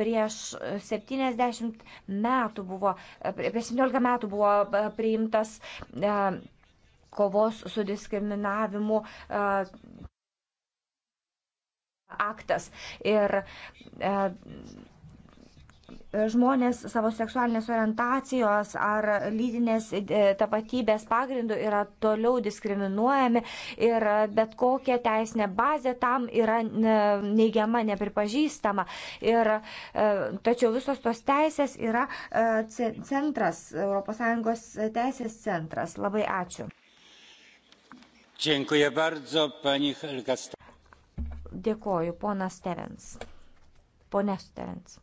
Prieš 70 metų buvo, prieš 17 metų buvo e, priimtas e, kovos su diskriminavimu e, aktas. Ir žmonės savo seksualinės orientacijos ar lytinės e, tapatybės pagrindų yra toliau diskriminuojami ir bet kokia teisinė bazė tam yra e, neigiama, nepripažįstama. Ir, e, tačiau visos tos teisės yra centras, ES teisės centras. Labai ačiū. Dziękuję bardzo, pani Helga. Dėkoju, ponas Stevens. Pone Stevens.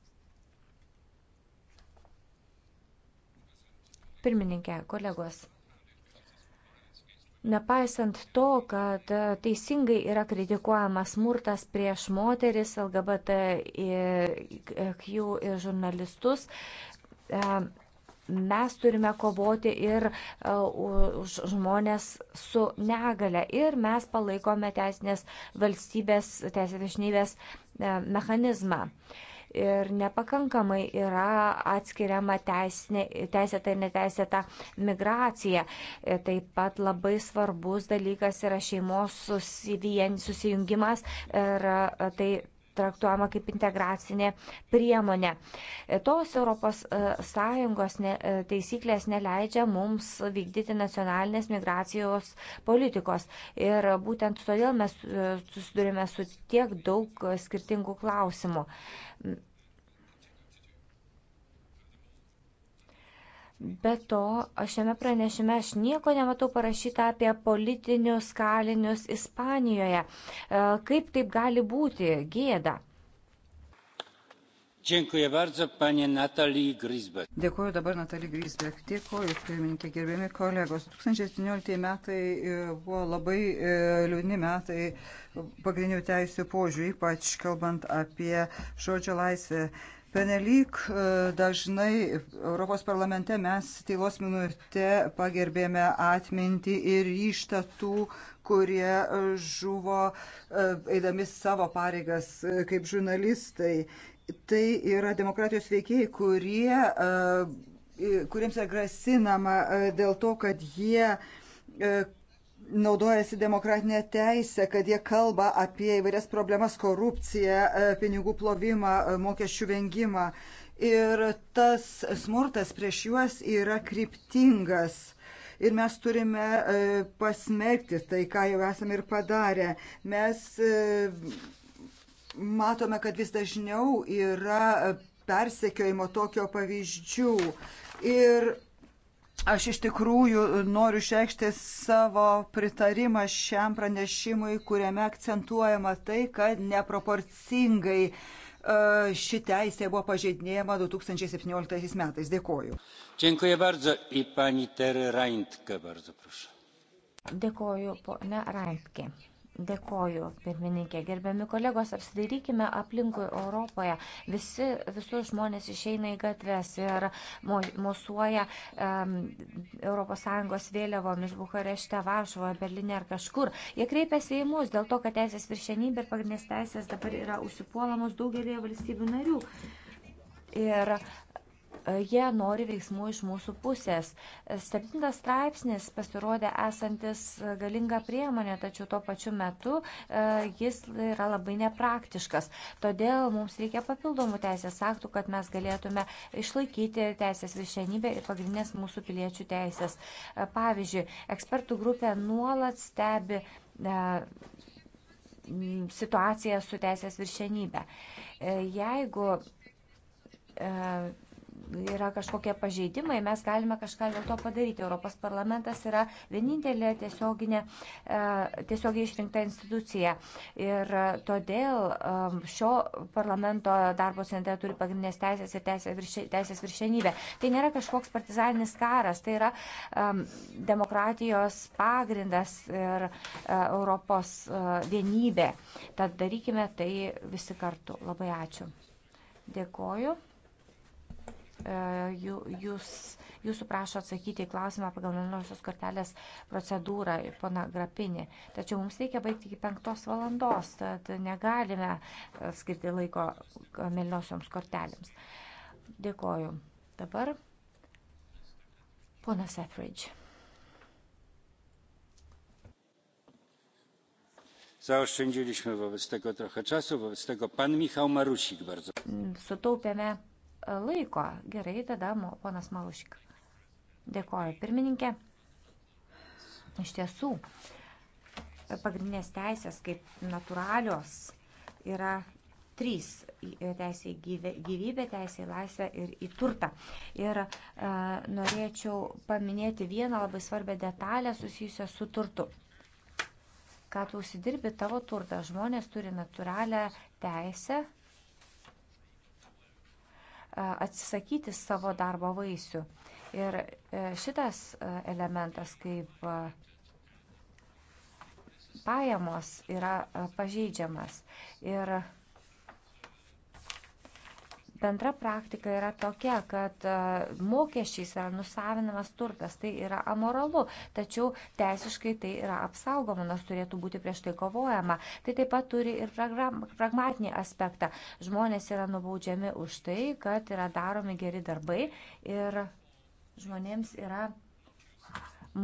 Pirmininkė, kolegos. Nepaisant to, kad teisingai yra kritikuojamas smurtas prieš moteris, LGBTQ ir žurnalistus, e, mes turime kovoti ir e, už žmonės su negale. Ir mes palaikome teisinės valstybės, teisės viešnybės e, mechanizmą ir nepakankamai yra atskiriama teisinė, teisėta ir neteisėta migracija. Taip pat labai svarbus dalykas yra šeimos susijungimas ir e, tai traktuojama kaip integracinė priemonė. Tos ES e, ne, e, taisyklės neleidžia mums vykdyti nacionalinės migracijos politikos. Ir būtent todėl mes e, susidurime su tiek daug skirtingų klausimų. Be to, šiame pranešime aš nieko nematau parašyta apie politinius kalinius Ispanijoje. E, kaip taip gali būti? Gėda. Dziękuję bardzo, panie Natalii Grisbeck. Dėkuoju dabar Natalii Grisbeck. Dėkuoju, pirmininkė, gerbiami kolegos. 2017 metai e, buvo labai e, liūdni metai pagrindinių teisų požiūrį, ypač kalbant apie žodžio laisvę. Penelyk e, dažnai Europos parlamente mes tylos minutė pagerbėme atmintį ir ryštą tų, kurie žuvo e, eidami savo pareigas e, kaip žurnalistai. Tai yra demokratijos veikėjai, kurie, kuriems yra grasinama dėl to, kad jie naudojasi demokratinė teisė, kad jie kalba apie įvairias problemas - korupciją, e, pinigų plovimą, e, mokesčių vengimą. Ir tas smurtas prieš juos yra kryptingas ir mes turime e, pasmerkti tai, ką jau esame ir padarę. Mes matome, kad vis dažniau yra persekiojimo tokio pavyzdžių. Ir Aš iš tikrųjų noriu išreikšti savo pritarimą šiam pranešimui, kuriame akcentuojama tai, kad neproporcingai e, ši teisė buvo pažeidinėjama 2017 metais. Dėkoju. Dziękuję bardzo i pani Tery Reintke, bardzo proszę. Dėkoju, ponia Reintke. Dėkoju, pirmininkė. Gerbiami kolegos, apsidairykime aplinkui Europoje. Visi, visus žmonės išeina į gatves ir mosuoja um, ES vėliavomis Bukarešte, Varšuvoje, Berlinė ar kažkur. Jie kreipiasi į mus dėl to, kad teisės viršenybė ir pagrindinės teisės dabar yra užsipuolamos daugelėje valstybių narių. Ir E, jie nori veiksmų iš mūsų pusės. Septintas straipsnis pasirodė esantis galinga priemonė, tačiau tuo pačiu metu e, jis yra labai nepraktiškas. Todėl mums reikia papildomų teisės aktų, kad mes galėtume išlaikyti teisės viršenybę ir pagrindinės mūsų piliečių teisės. E, pavyzdžiui, ekspertų grupė nuolat stebi situaciją su teisės viršenybė. Jeigu yra kažkokie pažeidimai, mes galime kažką dėl to padaryti. Europos parlamentas yra vienintelė tiesioginė, e, tiesiogiai išrinkta institucija. Ir todėl e, šio parlamento darbo centre turi pagrindinės teisės ir teisės, virši, teisės viršenybė. Tai nėra kažkoks partizaninis karas, tai yra um, demokratijos pagrindas ir uh, Europos uh, vienybė. Tad darykime tai visi kartu. Labai ačiū. Dėkoju. E, jūs, jūsų prašo atsakyti į klausimą pagal mėlynosios kortelės procedūrą, pana Grapinė. Tačiau mums reikia baigti iki penktos valandos, tad negalime e, skirti laiko e, mėlynosioms kortelėms. Dėkoju. Dabar ponas Efridge. Zaoszczędziliśmy wobec tego trochę czasu, wobec tego pan Michał Marusik bardzo. Sutaupėme laiko. Gerai, tada ponas Malušik. Dėkoju, pirmininkė. Iš tiesų, pagrindinės teisės kaip natūralios yra trys teisė į gyvybę, teisė į laisvę ir į turtą. Ir e, norėčiau paminėti vieną labai svarbę detalę susijusią su turtu. Kad užsidirbi tavo turtą, žmonės turi natūralią teisę atsisakyti savo darbo vaisių. Ir e, šitas e, elementas kaip pajamos yra pažeidžiamas. Ir bendra praktika yra tokia, kad e, mokesčiais yra nusavinamas turtas, tai yra amoralu, tačiau teisiškai tai yra apsaugoma, nors turėtų būti prieš tai kovojama. Tai taip pat turi ir pragmatinį aspektą. Žmonės yra nubaudžiami už tai, kad yra daromi geri darbai ir žmonėms yra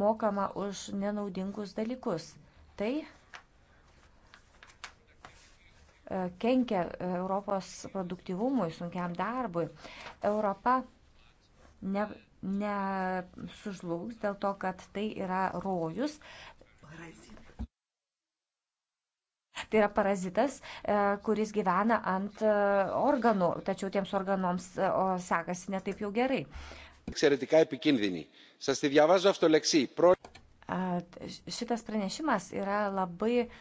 mokama už nenaudingus dalykus. Tai kenkia e, Europos produktivumui, sunkiam darbui. Europa ne, ne sužlugs dėl to, kad tai yra rojus. Tai yra parazitas, e, kuris gyvena ant e, organų, tačiau tiems organoms sekasi netaip jau gerai. Šitas pranešimas yra labai uh,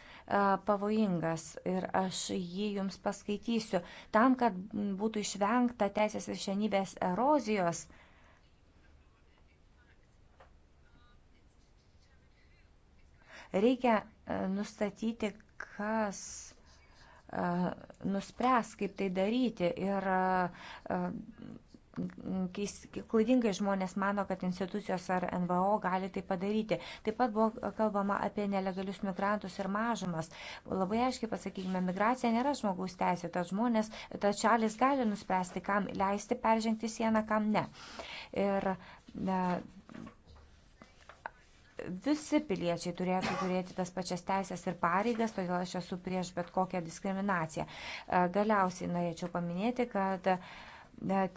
pavojingas ir aš jį jums paskaitysiu. Tam, kad būtų išvengta teisės viršenybės erozijos, reikia nustatyti, kas nuspręs, kaip tai daryti. Ir klaidingai žmonės mano, kad institucijos ar NVO gali tai padaryti. Taip pat buvo kalbama apie nelegalius migrantus ir mažumas. Labai aiškiai pasakykime, migracija nėra žmogaus teisė, tad žmonės, tad šalis gali nuspręsti, kam leisti peržengti sieną, kam ne. Ir, ne visi piliečiai turėtų turėti tas pačias teisės ir pareigas, todėl aš esu prieš bet kokią diskriminaciją. Galiausiai norėčiau paminėti, kad uh,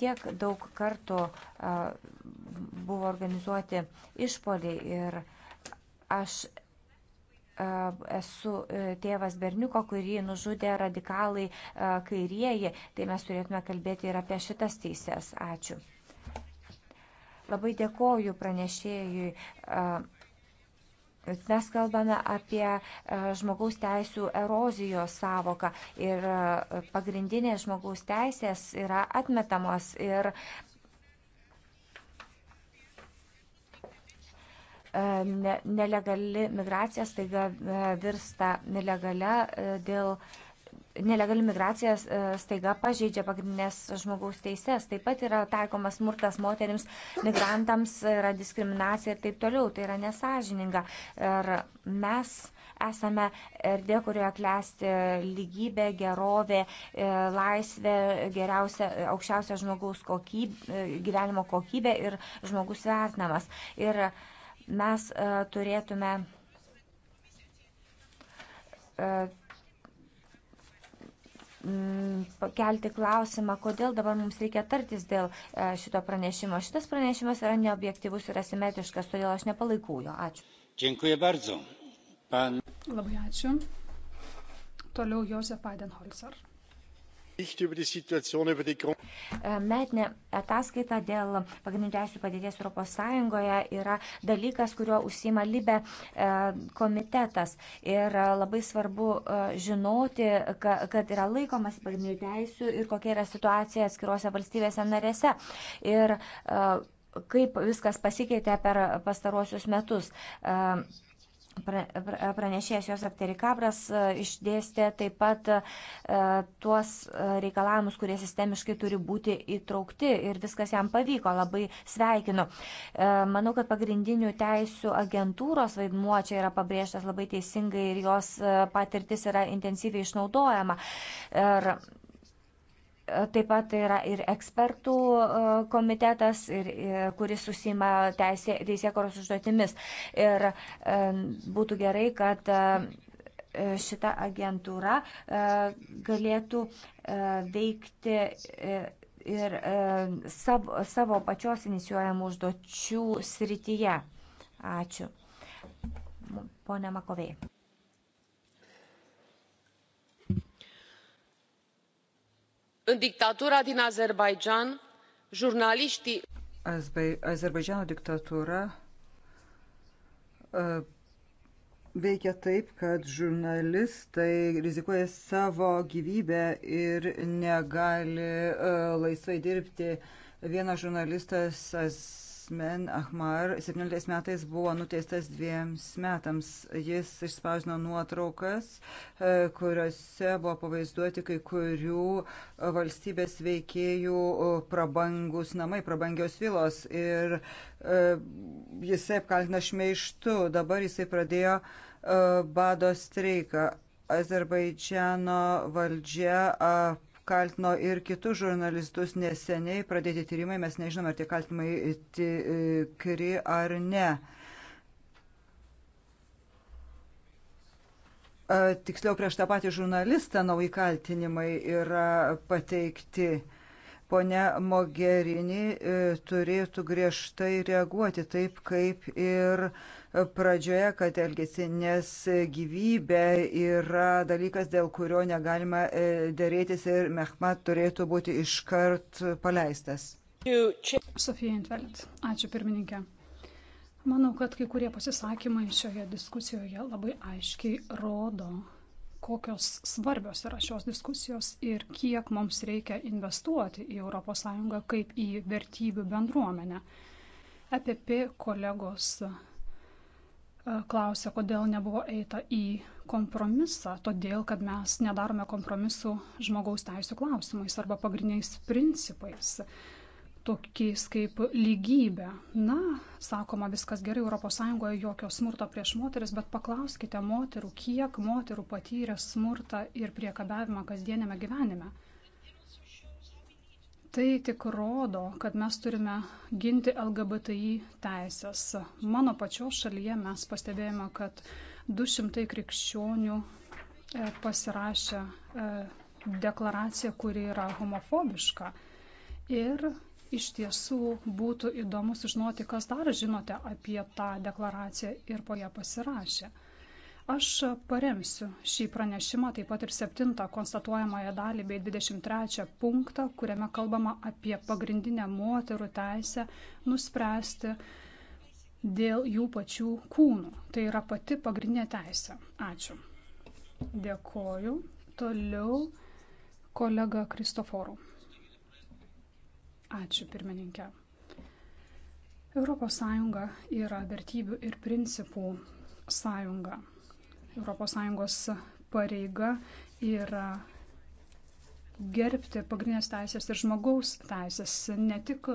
Tiek daug kartų buvo organizuoti išpoliai ir aš esu e, tėvas berniuko, kurį nužudė radikalai kairieji, tai mes turėtume kalbėti ir apie šitas teises. Ačiū. Labai dėkoju pranešėjui. Mes kalbame apie e, žmogaus teisų erozijos savoką ir e, pagrindinės žmogaus teisės yra atmetamos ir e, nelegali migracija staiga virsta nelegale dėl nelegali migracija e, staiga pažeidžia pagrindinės žmogaus teises. Taip pat yra taikomas smurtas moteriams, migrantams, yra diskriminacija ir taip toliau. Tai yra nesažininga. Ir mes esame erdvė, kurioje klesti lygybė, gerovė, e, laisvė, geriausia, aukščiausia žmogaus kokybė, e, gyvenimo kokybė ir žmogus vertinamas. Ir mes turėtume Mm, kelti klausimą, kodėl dabar mums reikia tartis dėl e, šito pranešimo. Šitas pranešimas yra neobjektivus ir asimetriškas, todėl aš nepalaikau jo. Ačiū. Dziękuję bardzo. Pan... Labai ačiū. Toliau Josef Weidenholzer. E, metinė ataskaita dėl pagrindinių teisų padėties ES yra dalykas, kuriuo užsima Libe e, komitetas. Ir e, labai svarbu žinoti, kad yra laikomas pagrindinių teisų ir kokia yra situacija atskiruose valstybėse narėse. Ir kaip viskas pasikeitė per pastaruosius metus. Uh, pranešėjas jos aptarikabras e, išdėstė taip pat e, tuos e, reikalavimus, kurie sistemiškai turi būti įtraukti ir viskas jam pavyko, labai sveikinu. Manau, kad pagrindinių teisų agentūros vaidmuo čia yra pabrėžtas labai teisingai ir jos patirtis yra intensyviai išnaudojama. Ir Taip pat tai yra ir ekspertų e, komitetas, ir, ir, e, kuris susima teisė, teisėkoros užduotimis. Ir e, būtų gerai, kad e, šita agentūra e, galėtų e, veikti. E, ir e, savo, savo pačios inicijuojamų užduočių srityje. Ačiū. Pone Makovei. în dictatura din azerbaidjan jurnaliștii azerbaidžano diktatūra uh, veikia taip, kad žurnalistai rizikuoja savo gyvybę ir negali uh, laisvai dirbti. Vienas žurnalistas Osmen Ahmar 17 metais buvo nuteistas dviems metams. Jis išspausino nuotraukas, e, kuriuose buvo pavaizduoti kai kurių valstybės veikėjų e, prabangus namai, prabangios vilos. Ir e, jisai apkaltina šmeištu. Dabar jisai pradėjo bado streiką. Azerbaidžiano valdžia kaltino ir kitus žurnalistus neseniai pradėti tyrimai, mes nežinome, ar tie kaltinimai tikri ar ne. Tiksliau, prieš tą patį žurnalistą nauji kaltinimai yra pateikti ponia Mogherini e, turėtų griežtai reaguoti taip, kaip ir pradžioje, kad elgesi, nes gyvybė yra dalykas, dėl kurio negalima e, dėrėtis ir Mehmat turėtų būti iškart paleistas. Sofija Intvelt, ačiū pirmininkė. Manau, kad kai kurie pasisakymai šioje diskusijoje labai aiškiai rodo, kokios svarbios yra šios diskusijos ir kiek mums reikia investuoti į ES kaip į vertybių bendruomenę. EPP kolegos klausia, kodėl nebuvo eita į kompromisą. Todėl, kad mes nedarome kompromisų žmogaus teisų klausimais arba pagrindiniais principais, tokiais kaip lygybė. Na, sakoma, viskas gerai, ES jokio smurto prieš moteris, bet paklauskite moterų, kiek moterų patyrė smurtą ir priekabiavimą kasdienėme gyvenime. Tai tik rodo, kad mes turime ginti LGBTI teisės. Mano pačios šalyje mes pastebėjome, kad 200 krikščionių e, pasirašė e, deklaraciją, kuri yra homofobiška. Ir iš tiesų būtų įdomu sužinoti, kas dar žinote apie tą deklaraciją ir po ją pasirašė. Aš paremsiu šį pranešimą, taip pat ir 7 konstatuojamąją dalį bei 23 punktą, kuriame kalbama apie pagrindinę moterų teisę nuspręsti dėl jų pačių kūnų. Tai yra pati pagrindinė teisė. Ačiū. Dėkoju. Toliau kolega Kristoforų. Ačiū pirmininkė. ES yra vertybių ir principų sąjunga. ES pareiga yra gerbti pagrindinės teisės ir žmogaus teisės ne tik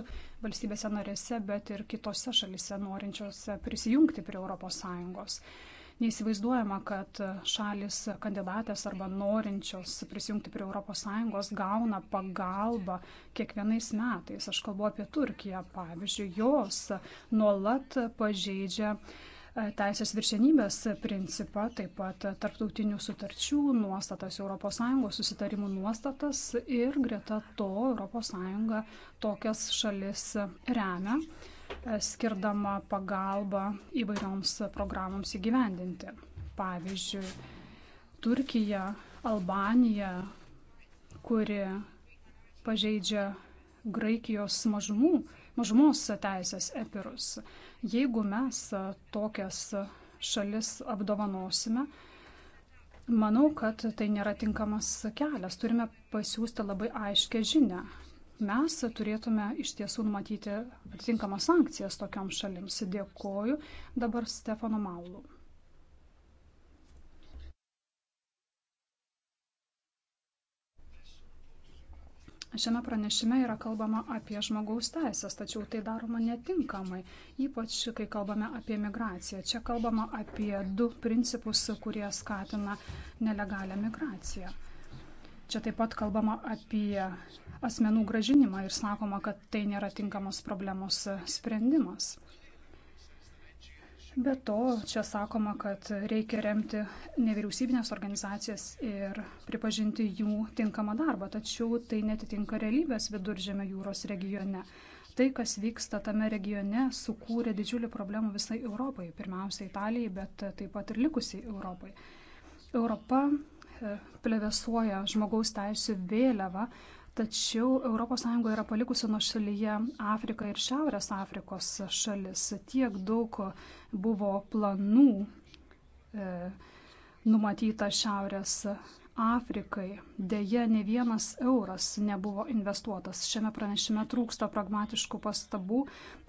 valstybėse narėse, bet ir kitose šalise norinčiose prisijungti prie ES. Neįsivaizduojama, kad šalis kandidatės arba norinčios prisijungti prie ES gauna pagalbą kiekvienais metais. Aš kalbu apie Turkiją, pavyzdžiui, jos nuolat pažeidžia uh, teisės viršenybės principą, taip pat tarptautinių sutarčių nuostatas, ES susitarimų nuostatas ir greta to ES tokias šalis remia, skirdama pagalbą įvairioms programoms įgyvendinti. Pavyzdžiui, Turkija, Albanija, kuri pažeidžia Graikijos mažumų, mažumos teisės epirus. Jeigu mes e, tokias šalis apdovanosime, manau, kad tai nėra tinkamas kelias. Turime pasiūsti labai aiškę žinę. Mes turėtume iš tiesų numatyti atitinkamas sankcijas tokiam šalims. Dėkoju dabar Stefano Maulu. Šiame pranešime yra kalbama apie žmogaus teisės, tačiau tai daroma netinkamai, ypač kai kalbame apie migraciją. Čia kalbama apie du principus, kurie skatina nelegalią migraciją. Čia taip pat kalbama apie asmenų gražinimą ir sakoma, kad tai nėra tinkamos problemos sprendimas. Be to, čia sakoma, kad reikia remti nevyriausybinės organizacijas ir pripažinti jų tinkamą darbą, tačiau tai netitinka realybės viduržėme jūros regione. Tai, kas vyksta tame regione, sukūrė didžiulį problemų visai Europai, pirmiausia Italijai, bet taip pat ir likusiai Europai. Europa e, plevesuoja žmogaus teisų vėliavą, Tačiau ES yra palikusi nuo šalyje Afriką ir Šiaurės Afrikos šalis. Tiek daug buvo planų e, numatyta Šiaurės Afrikai. Deja, ne vienas euras nebuvo investuotas. Šiame pranešime trūksta pragmatiškų pastabų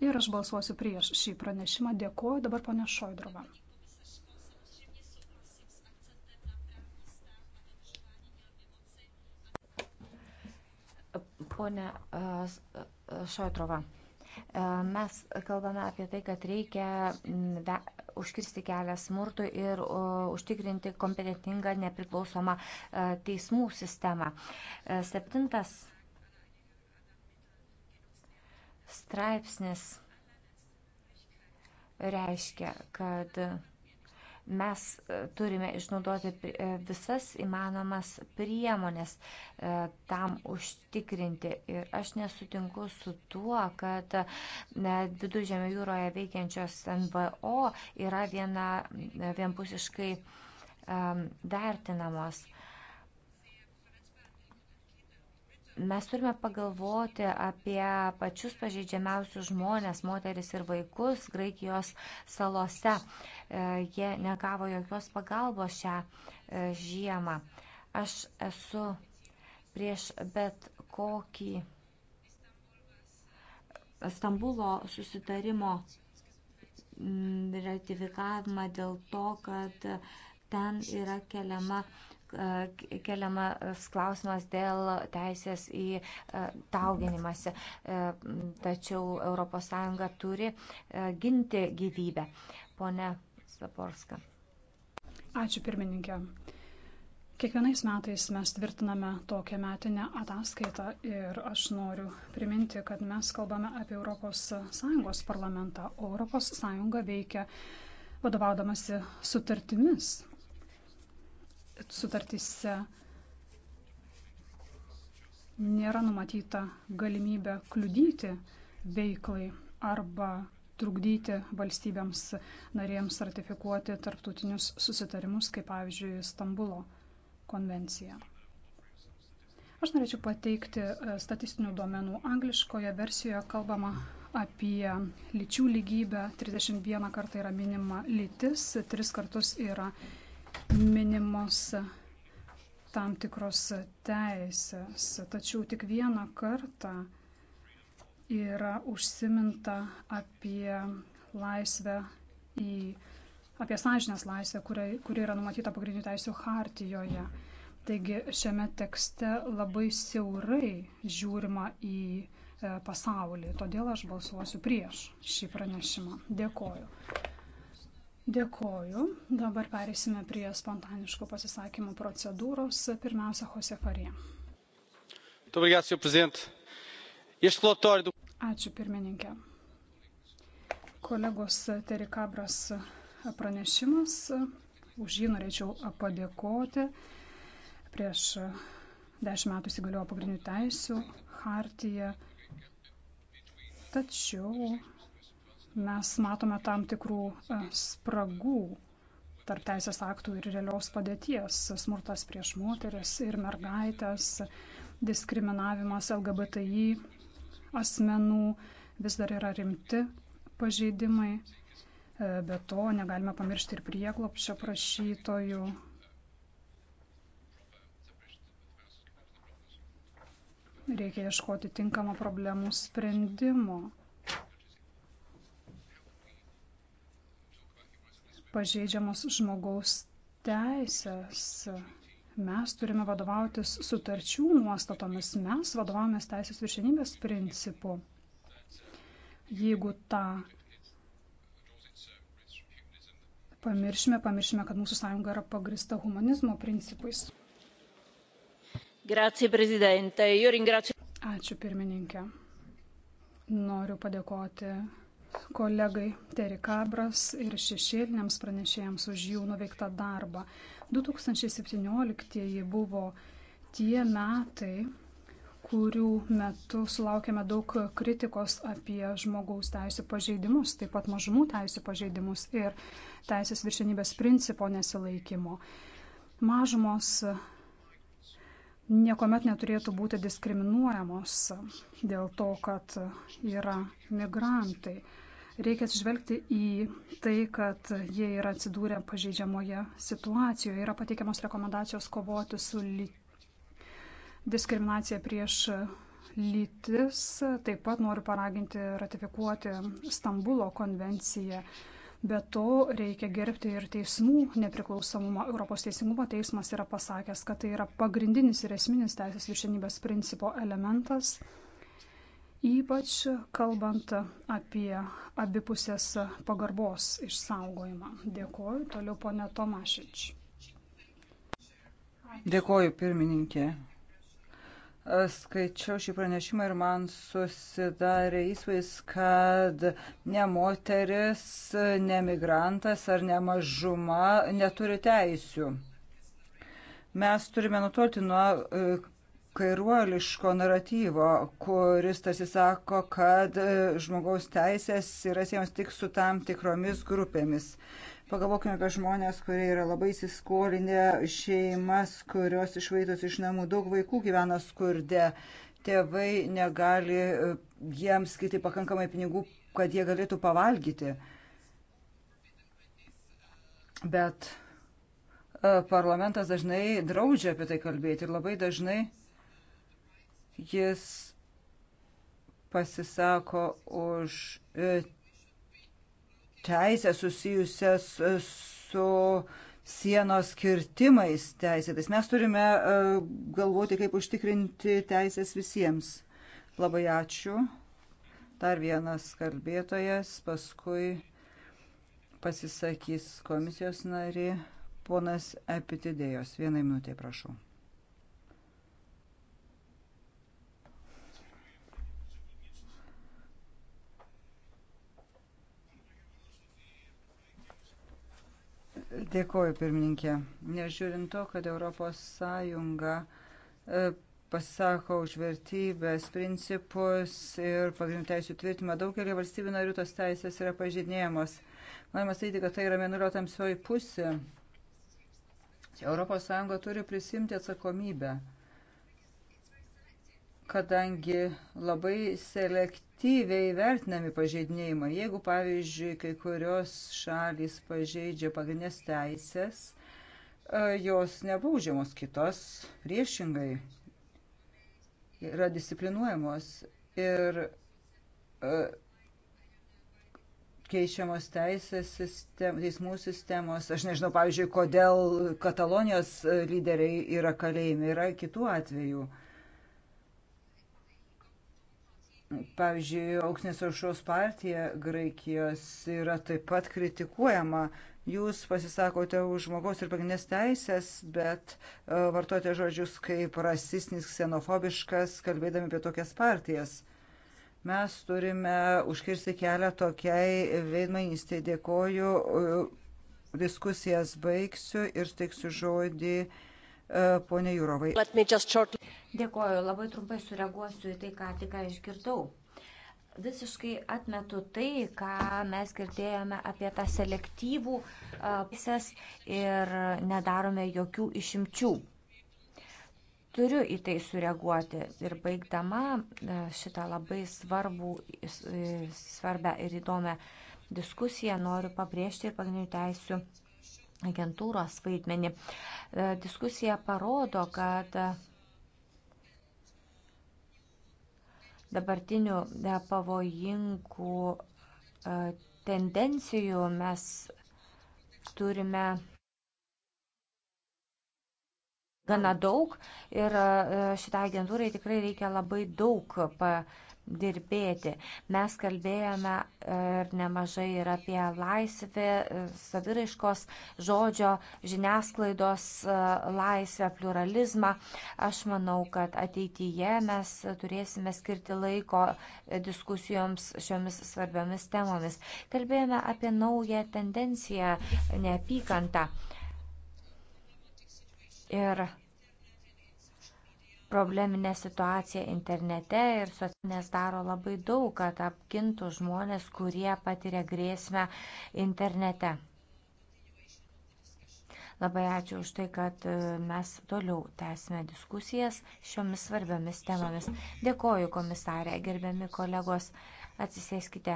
ir aš balsuosiu prieš šį pranešimą. Dėkuoju dabar ponia Šoidrova. Pone Šotrova, mes kalbame apie tai, kad reikia užkirsti kelią smurtui ir užtikrinti kompetentingą nepriklausomą teismų sistemą. Septintas straipsnis reiškia, kad Mes e, turime išnaudoti e, visas įmanomas priemonės e, tam užtikrinti. Ir aš nesutinku su tuo, kad viduržėmio jūroje veikiančios NVO yra viena, vienpusiškai vertinamos. Um, Mes turime pagalvoti apie pačius pažeidžiamiausius žmonės, moteris ir vaikus Graikijos salose. E, jie negavo jokios pagalbos šią e, žiemą. Aš esu prieš bet kokį Stambulo susitarimo ratifikavimą dėl to, kad ten yra keliama uh, keliamas klausimas dėl teisės į dauginimąsi. Tačiau ES turi ginti gyvybę. Pone Slaporska. Ačiū pirmininkė. Kiekvienais metais mes tvirtiname tokią metinę ataskaitą ir aš noriu priminti, kad mes kalbame apie ES parlamentą, o ES veikia vadovaudamasi sutartimis sutartyse nėra numatyta galimybė kliudyti veiklai arba trukdyti valstybėms narėms ratifikuoti tarptautinius susitarimus, kaip pavyzdžiui, Stambulo konvenciją. Aš norėčiau pateikti e, statistinių duomenų. Angliškoje versijoje kalbama apie lyčių lygybę. 31 kartą yra minima lytis, 3 kartus yra minima minimos tam tikros teisės, tačiau tik vieną kartą yra užsiminta apie laisvę į apie sąžinės laisvę, kuri, kuri yra numatyta pagrindinių teisų hartijoje. Taigi šiame tekste labai siaurai žiūrima į e, pasaulį, todėl aš balsuosiu prieš šį pranešimą. Dėkoju. Dėkoju. Dabar perėsime prie spontaniškų pasisakymų procedūros. Pirmiausia, Jose Farija. Ačiū pirmininkė. Kolegos Terikabras pranešimas, už jį norėčiau padėkoti. Prieš dešimt metų įsigaliojo pagrindinių teisių hartija. Tačiau mes matome tam tikrų e, spragų tarp teisės aktų ir realios padėties - smurtas prieš moteris ir mergaitės, diskriminavimas LGBTI asmenų vis dar yra rimti pažeidimai. E, be to negalime pamiršti ir prieglopščio prašytojų. Reikia ieškoti tinkamo problemų sprendimo. pažeidžiamos žmogaus teisės. Mes turime vadovautis sutarčių nuostatomis, mes vadovavomės teisės viršenybės principu. Jeigu tą pamiršime, pamiršime, kad mūsų sąjunga yra pagrista humanizmo principais. Grazie, Ačiū pirmininkė. Noriu padėkoti kolegai Terry Cabras ir šešėliniams pranešėjams už jų nuveiktą darbą. 2017 buvo tie metai, kurių metu sulaukėme daug kritikos apie žmogaus teisų pažeidimus, taip pat mažumų teisų pažeidimus ir teisės viršenybės principo nesilaikymo. Mažumos niekuomet neturėtų būti diskriminuojamos dėl to, kad yra migrantai. Reikia atsižvelgti į tai, kad jie yra atsidūrę pažeidžiamoje situacijoje. Yra pateikiamos rekomendacijos kovoti su ly... diskriminacija prieš lytis. Taip pat noriu paraginti ratifikuoti Stambulo konvenciją. Be to reikia gerbti ir teismų nepriklausomumą. Europos teisingumo teismas yra pasakęs, kad tai yra pagrindinis ir esminis teisės viršenybės principo elementas. Ypač kalbant apie abipusės pagarbos išsaugojimą. Dėkuoju. Toliau ponė Tomašič. Dėkuoju, pirmininkė skaičiau šį pranešimą ir man susidarė įspūdis, kad ne moteris, ne migrantas ar ne mažuma neturi teisių. Mes turime nutolti nuo e, kairuoliško naratyvo, kuris tarsi sako, kad e, žmogaus teisės yra siejamas tik su tam tikromis grupėmis. Pagalvokime apie žmonės, kurie yra labai įsiskolinę, šeimas, kurios išvaitos iš namų, daug vaikų gyvena skurde, tėvai negali e, jiems skirti pakankamai pinigų, kad jie galėtų pavalgyti. Bet e, parlamentas dažnai draudžia apie tai kalbėti ir labai dažnai jis pasisako už e, teisę susijusias e, su sienos kirtimais teisėtais. Mes turime e, galvoti, kaip užtikrinti teisės visiems. Labai ačiū. Dar vienas kalbėtojas, paskui pasisakys komisijos nari ponas Epitidėjos. Vienai minutė, prašau. Dėkoju, pirmininkė. Nežiūrint to, kad ES e, pasisako už vertybės, principus ir pagrindinių teisų tvirtimą, daugelį valstybių narių tos teisės yra pažydinėjamos. Galima sakyti, kad tai yra mėnulio tamsioji pusė. ES turi prisimti atsakomybę kadangi labai selektyviai vertinami pažeidinėjimai. Jeigu, pavyzdžiui, kai kurios šalys pažeidžia pagrindinės teisės, e, jos nebaudžiamos kitos, priešingai yra disciplinuojamos ir e, keičiamos teisės sistem, teismų sistemos. Aš nežinau, pavyzdžiui, kodėl Katalonijos lyderiai yra kalėjimi, yra kitų atvejų. Pavyzdžiui, Auksinės aušros partija Graikijos yra taip pat kritikuojama. Jūs pasisakote už žmogaus ir pagrindinės teisės, bet e, vartote žodžius kaip rasistinis, ksenofobiškas, kalbėdami apie tokias partijas. Mes turime užkirsti kelią tokiai veidmainystėje. Dėkoju, e, diskusijas baigsiu ir teiksiu žodį. E, pone Jūrovai. Dėkoju, labai trumpai sureaguosiu į tai, ką tik išgirdau. Visiškai atmetu tai, ką mes girdėjome apie tą selektyvų pusės e, ir nedarome jokių išimčių. Turiu į tai sureaguoti ir baigdama e, šitą labai svarbų, svarbę ir įdomią diskusiją noriu pabrėžti ir pagrindinių teisių agentūros vaidmenį. E, diskusija parodo, kad dabartinių e, pavojingų e, tendencijų mes turime gana daug ir šitai agentūrai tikrai reikia labai daug pa, dirbėti. Mes kalbėjome e, ir nemažai ir apie laisvę, e, saviraiškos žodžio, žiniasklaidos e, laisvę, pluralizmą. Aš manau, kad ateityje mes turėsime skirti laiko diskusijoms šiomis svarbiomis temomis. Kalbėjome apie naują tendenciją - neapykantą. Ir probleminę situaciją internete ir socialinės daro labai daug, kad apgintų žmonės, kurie patiria grėsmę internete. Labai ačiū už tai, kad e, mes toliau tęsime diskusijas šiomis svarbiomis temomis. Dėkoju komisarė, gerbiami kolegos, atsisėskite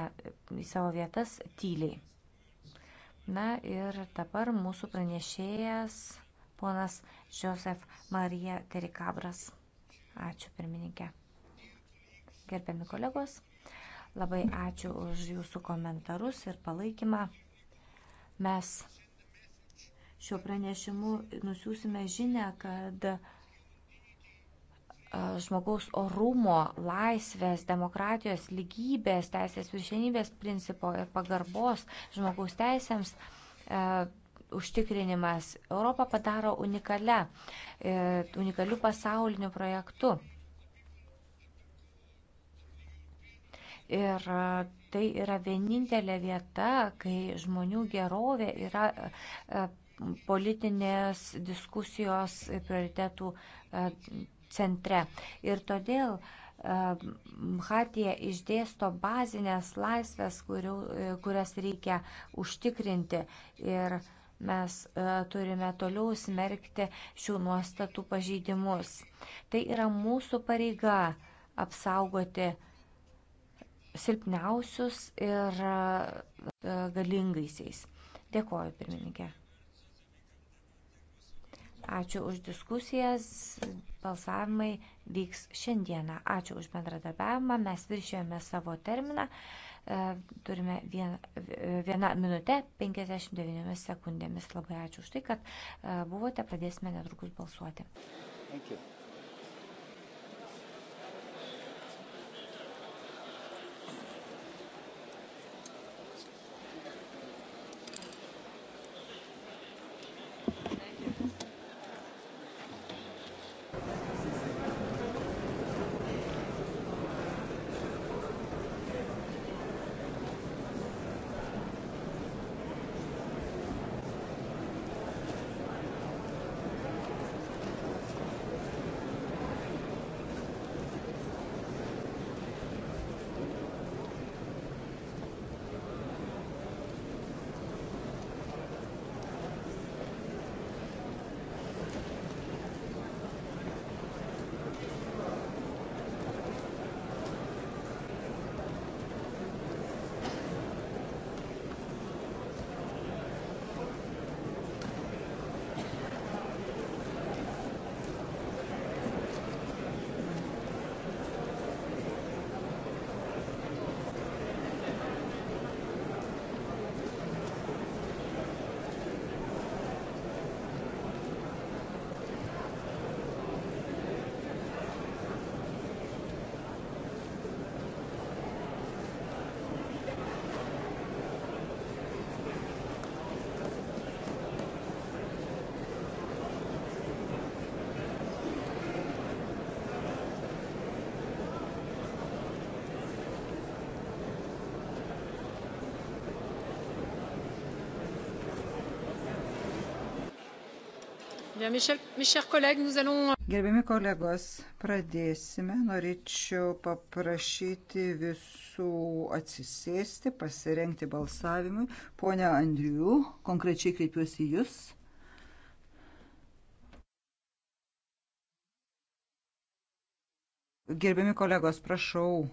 į savo vietas tyliai. Na ir dabar mūsų pranešėjas ponas Josef Marija Terikabras. Ačiū, pirmininkė. Gerbiami kolegos, labai ačiū už jūsų komentarus ir palaikymą. Mes šiuo pranešimu nusiųsime žinę, kad e, žmogaus orumo, laisvės, demokratijos, lygybės, teisės viršenybės principo ir pagarbos žmogaus teisėms e, užtikrinimas Europą padaro unikalią, e, unikalių pasaulinių projektų. Ir e, tai yra vienintelė vieta, kai žmonių gerovė yra e, politinės diskusijos prioritetų centre. Ir todėl Hatija išdėsto bazinės laisvės, kurių, kurias reikia užtikrinti. Ir uh, Mes e, turime toliau smerkti šių nuostatų pažeidimus. Tai yra mūsų pareiga apsaugoti silpniausius ir e, galingaisiais. Dėkoju, pirmininkė. Ačiū už diskusijas. Balsavimai vyks šiandieną. Ačiū už bendradarbiavimą. Mes viršėjome savo terminą. E, turime vieną minutę 59 sekundėmis. Labai ačiū už tai, kad e, buvote. Pradėsime netrukus balsuoti. Thank you. Euh, Gerbiami kolegos, pradėsime. Norėčiau paprašyti visų atsisėsti, pasirengti balsavimui. Pone Andriu, konkrečiai kreipiuosi jūs. Gerbiami kolegos, prašau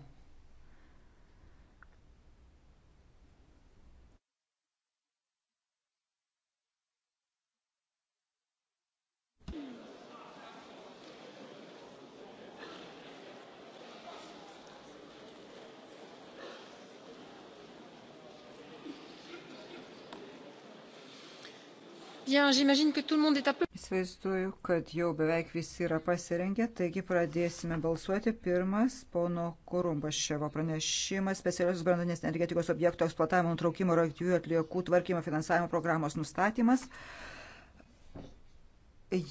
Įsivaizduoju, kad jau beveik visi yra pasirengę, taigi pradėsime balsuoti. Pirmas pono Kurumbaševo pranešimas specialiosios brandonės energetikos objektų eksploatavimo nutraukimo ir aktyvių atliekų tvarkymo finansavimo programos nustatymas.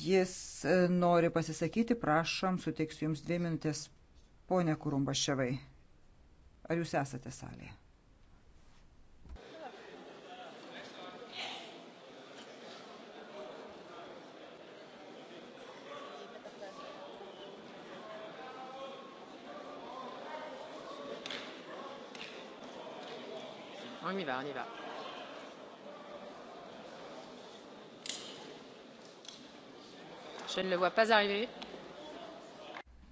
Jis e, nori pasisakyti, prašom, suteiksiu jums dvi minutės. Pone Kurumbaševai, ar jūs esate salėje? on y va, on y va. Je ne le vois pas arriver.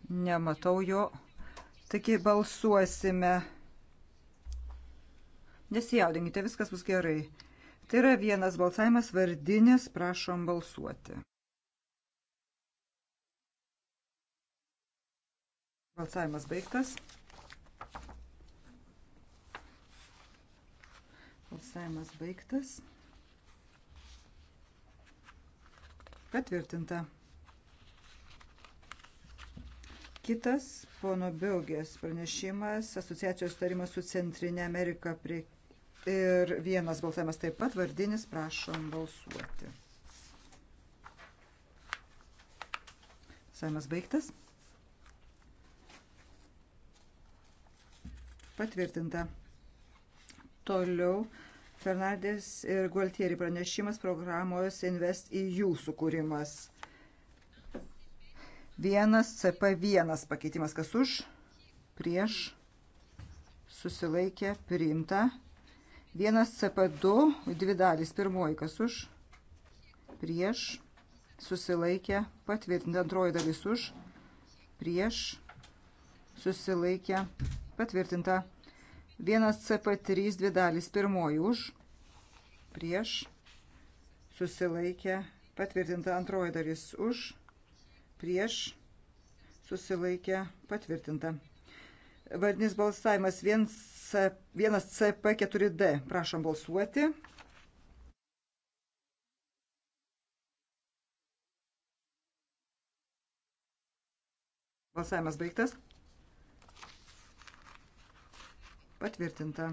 Nematau jo. Taigi balsuosime. Nesijaudinkite, viskas bus gerai. Tai yra vienas balsavimas vardinis, prašom balsuoti. Balsavimas baigtas. Balsavimas baigtas. Patvirtinta. Kitas pono Biaugės pranešimas - asociacijos tarimas su Centrinė Amerika prie... ir vienas balsavimas taip pat vardinis, prašom balsuoti. Saimas baigtas. Patvirtinta. Toliau Fernandės ir Gualtieri pranešimas programos Invest EU sukūrimas. Vienas CP1 pakeitimas, kas už, prieš, susilaikė, priimta. Vienas CP2, dvi dalys, pirmoji, kas už, prieš, susilaikė, patvirtinta, antroji dalis už, prieš, susilaikė, patvirtinta. Vienas CP3 dvi dalys. Pirmoji už, prieš, susilaikę, patvirtinta antroji dalis už, prieš, susilaikę, patvirtinta. Vardinis balsavimas 1CP4D. Prašom balsuoti. Balsavimas baigtas. Patvirtinta.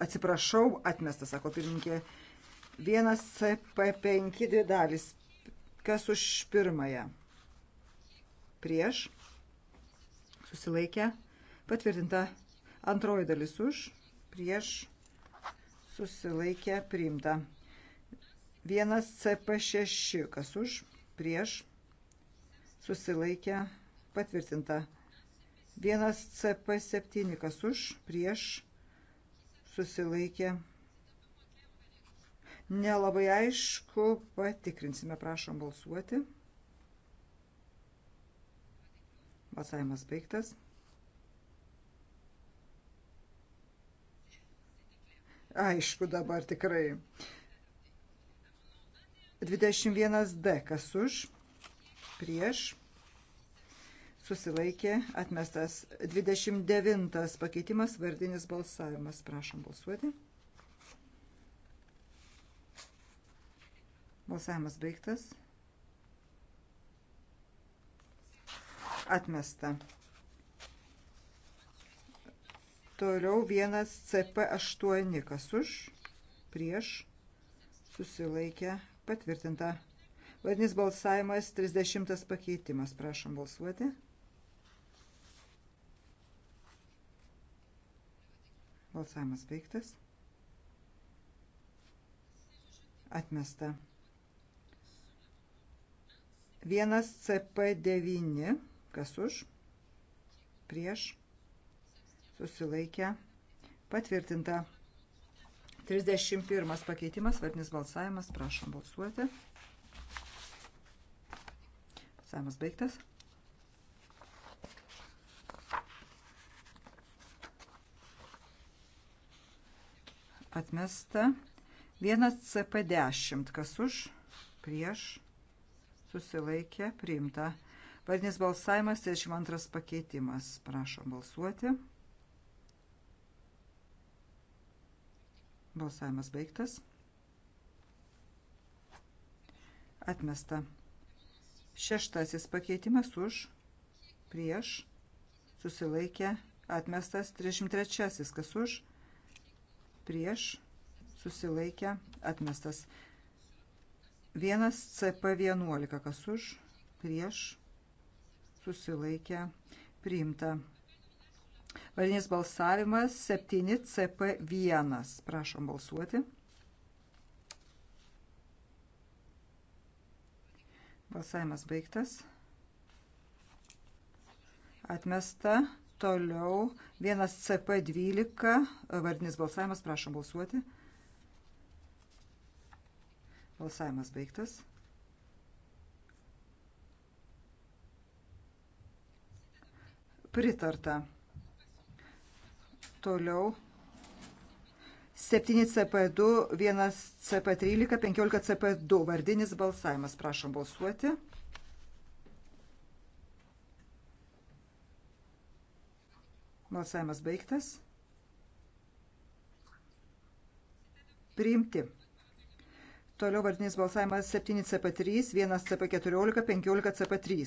Atsiprašau, atmestas, sako pirmininkė. Vienas CP5 dvi dalis. Kas už pirmąją? Prieš. Susilaikę. Patvirtinta. Antroji dalis už. Prieš. Susilaikę. Priimta. Vienas CP6. Kas už? Prieš. Susilaikę. Patvirtinta. Vienas CP7, kas už, prieš, susilaikė. Nelabai aišku, patikrinsime, prašom balsuoti. Balsavimas baigtas. Aišku dabar tikrai. 21D, kas už, prieš, susilaikė, atmestas 29 pakeitimas, vardinis balsavimas. Prašom balsuoti. Balsavimas baigtas. Atmesta. Toliau vienas CP8, kas už, prieš, susilaikė, patvirtinta. Vadinis balsavimas 30 pakeitimas. Prašom balsuoti. Balsavimas baigtas. Atmesta. 1 CP9. Kas už? Prieš. Susilaikę. Patvirtinta. 31 pakeitimas, vardinis balsavimas. Prašom balsuoti. Balsavimas baigtas. atmesta. 1CP10, kas už, prieš, susilaikė, priimta. Vardinis balsavimas, 32 pakeitimas. Prašom balsuoti. Balsavimas baigtas. Atmesta. Šeštasis pakeitimas už, prieš, susilaikė, atmestas. 33, kas už, prieš prieš susilaikę atmestas. 1 CP11 kas už prieš susilaikę priimta. Valinis balsavimas 7 CP1. Prašom balsuoti. Balsavimas baigtas. Atmesta Toliau vienas CP12, vardinis balsavimas, prašom balsuoti. Balsavimas baigtas. Pritarta. Toliau 7 CP2, 1 CP13, 15 CP2. Vardinis balsavimas. Prašom balsuoti. Balsavimas baigtas. Priimti. Toliau vardinis balsavimas 7CP3, 1CP14, 15CP3.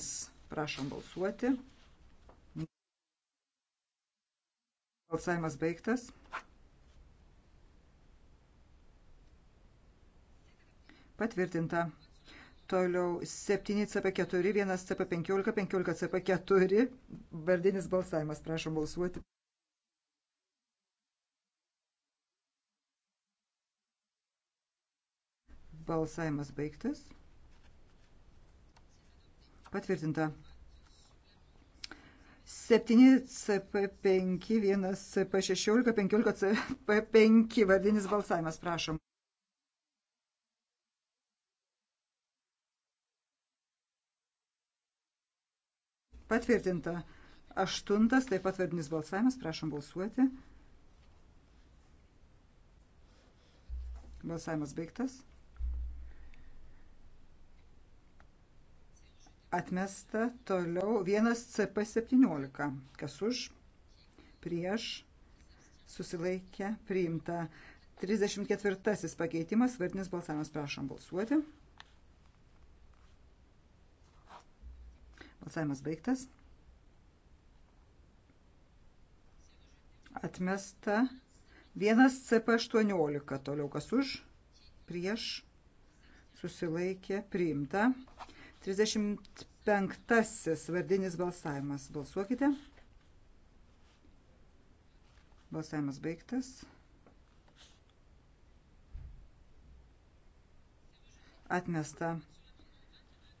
Prašom balsuoti. Balsavimas baigtas. Patvirtinta. Toliau 7CP4, 1CP15, 15CP4. Vardinis balsavimas, prašom balsuoti. Balsavimas baigtas. Patvirtinta. 7CP5, 1CP16, 15CP5. Vardinis balsavimas, prašom. Patvirtinta. Aštuntas, taip pat vardinis balsavimas, prašom balsuoti. Balsavimas baigtas. Atmesta toliau 1CP17. Kas už? Prieš. Susilaikę. Priimta. 34 pakeitimas. Vardinis balsavimas. Prašom balsuoti. Balsavimas baigtas. Atmesta 1CP18. Toliau kas už? Prieš. Susilaikė. Priimta. 35. Vardinis balsavimas. Balsuokite. Balsavimas baigtas. Atmesta.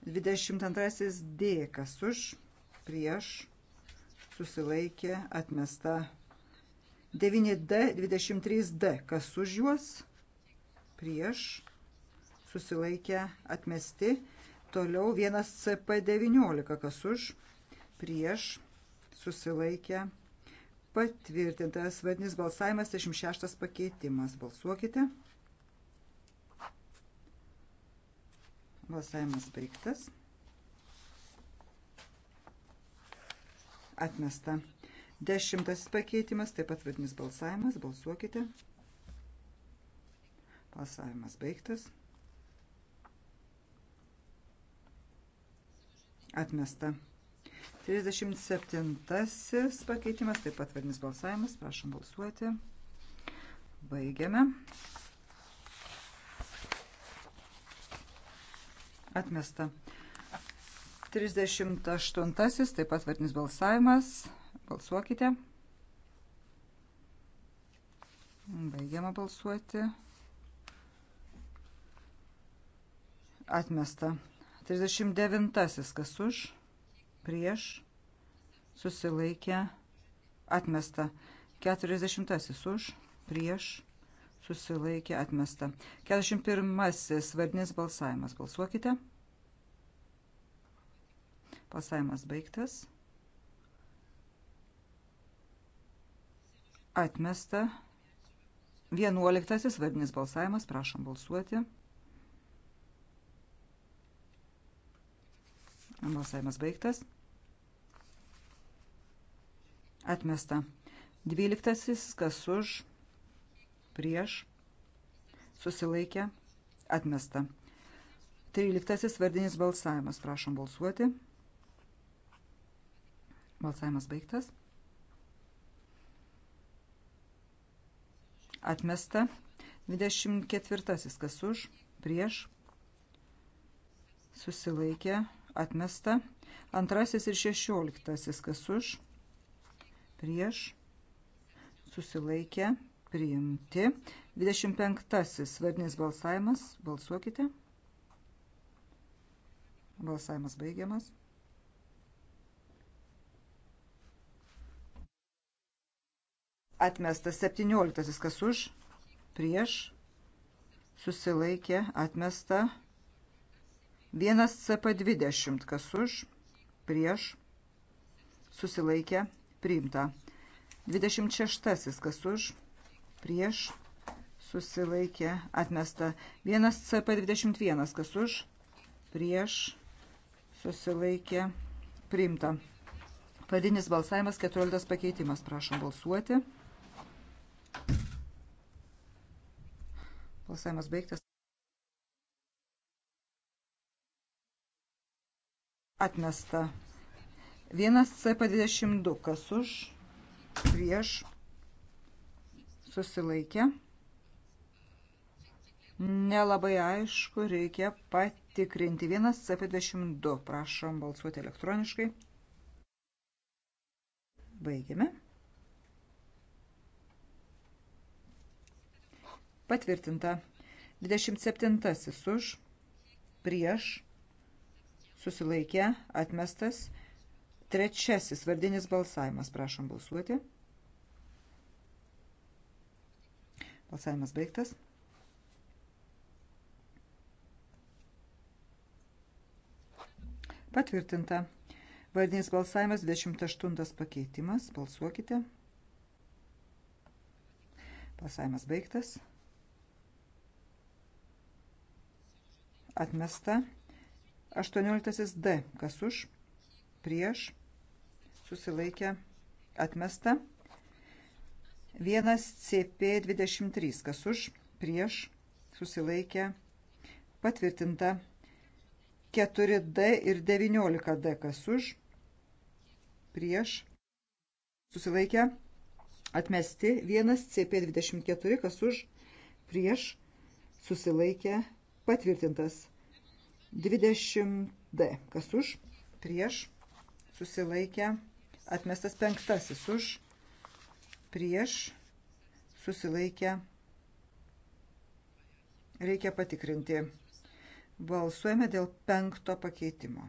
22 D, kas už, prieš, susilaikė, atmesta. 9 D, 23 D, kas už juos, prieš, susilaikė, atmesti. Toliau 1 CP 19, kas už, prieš, susilaikė, atmesti patvirtintas vadinis balsavimas 36 pakeitimas. Balsuokite. Balsavimas baigtas. Atmesta. Dešimtasis pakeitimas, taip pat vadinis balsavimas. Balsuokite. Balsavimas baigtas. Atmesta. 37 pakeitimas, taip pat vadinis balsavimas. Prašom balsuoti. Baigiame. Atmesta. 38. Taip pat vardinis balsavimas. Balsuokite. Baigiama balsuoti. Atmesta. 39. Kas už? Prieš. Susilaikė. Atmesta. 40. Už. Prieš susilaikė atmesta. 41. Vardinis balsavimas. Balsuokite. Balsavimas baigtas. Atmesta. 11. Vardinis balsavimas. Prašom balsuoti. Balsavimas baigtas. Atmesta. 12. Kas už? prieš, susilaikė, atmesta. Tryliktasis vardinis balsavimas. Prašom balsuoti. Balsavimas baigtas. Atmesta. 24. Kas už? Prieš. Susilaikė. Atmesta. Antrasis ir 16. Kas už? Prieš. Susilaikė priimti. 25. Vardinis balsavimas. Balsuokite. Balsavimas baigiamas. Atmestas 17. Kas už? Prieš. Susilaikė. Atmesta. 1 CP20. Kas už? Prieš. Susilaikė. Priimta. 26. Kas už? Prieš prieš susilaikė atmesta. 1CP21, kas už, prieš susilaikė priimta. Pradinis balsavimas, 14 pakeitimas, prašom balsuoti. Balsavimas baigtas. Atmesta. 1CP22, kas už, prieš susilaikė. Nelabai aišku, reikia patikrinti. 1C22. Prašom balsuoti elektroniškai. Baigiame. Patvirtinta. 27 už, prieš, susilaikė, atmestas. Trečiasis vardinis balsavimas. Prašom balsuoti. Balsuoti. Balsavimas baigtas. Patvirtinta. Vardinis balsavimas 28 pakeitimas. Balsuokite. Balsavimas baigtas. Atmesta. 18 D. Kas už? Prieš. Susilaikę. Atmesta. 1 CP23, kas už, prieš, susilaikė, patvirtinta 4D ir 19D, kas už, prieš, susilaikė, atmesti 1 CP24, kas už, prieš, susilaikė, patvirtintas 20D, kas už, prieš, susilaikė, atmestas penktasis už, prieš, prieš susilaikę reikia patikrinti. Balsuojame dėl penkto pakeitimo.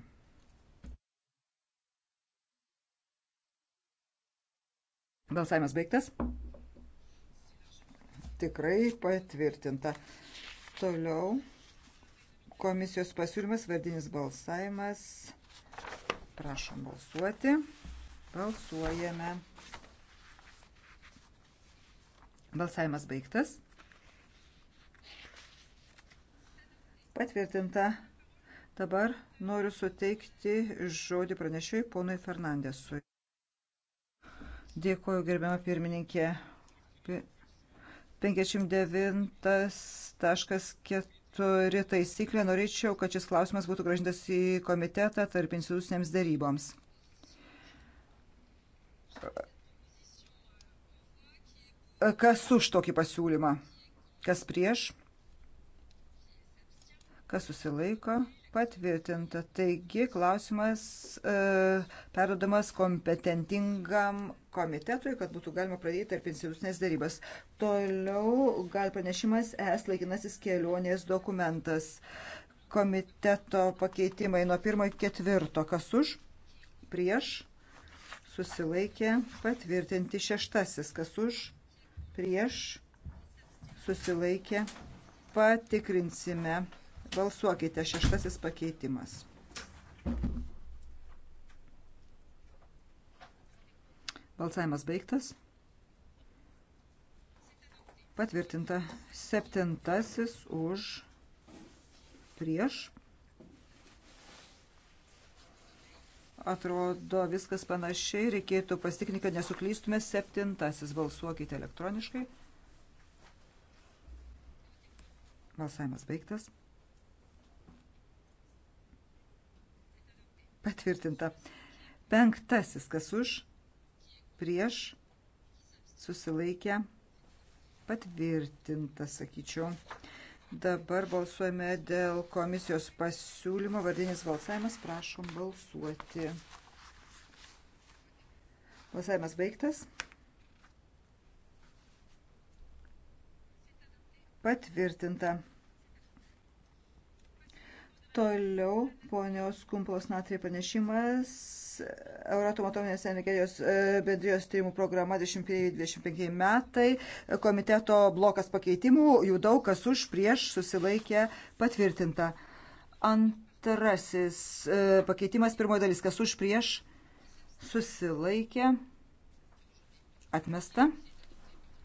Balsavimas baigtas. Tikrai patvirtinta. Toliau komisijos pasiūlymas, vardinis balsavimas. Prašom balsuoti. Balsuojame. Balsavimas baigtas. Patvirtinta. Dabar noriu suteikti žodį pranešiui ponui Fernandesui. Dėkuoju, gerbiama pirmininkė. 59.4 taisyklė. Norėčiau, kad šis klausimas būtų gražintas į komitetą tarp institucinėms daryboms E, kas už tokį pasiūlymą? Kas prieš? Kas susilaiko? Patvirtinta. Taigi klausimas e, perdodamas kompetentingam komitetui, kad būtų galima pradėti tarp institucinės darybas. Toliau gal pranešimas es laikinasis kelionės dokumentas. Komiteto pakeitimai nuo pirmo iki ketvirto. Kas už? Prieš? Susilaikė. Patvirtinti šeštasis. Kas už? prieš susilaikė patikrinsime. Balsuokite šeštasis pakeitimas. Balsavimas baigtas. Patvirtinta septintasis už prieš Atrodo, viskas panašiai. Reikėtų pasitikinti, kad nesuklystume. Septintasis. Balsuokite elektroniškai. Balsavimas baigtas. Patvirtinta. Penktasis. Kas už? Prieš. Susilaikę. Patvirtinta, sakyčiau. Dabar balsuojame dėl komisijos pasiūlymo. Vardinis balsavimas. Prašom balsuoti. Balsavimas baigtas. Patvirtinta. Toliau ponios Kumplos natriai panešimas Euratom atominės energijos e, bendrijos tyrimų programa 25 metai, komiteto blokas pakeitimų, jų daug kas už prieš susilaikė patvirtinta. Antrasis e, pakeitimas, pirmoji dalis, kas už prieš susilaikė atmesta.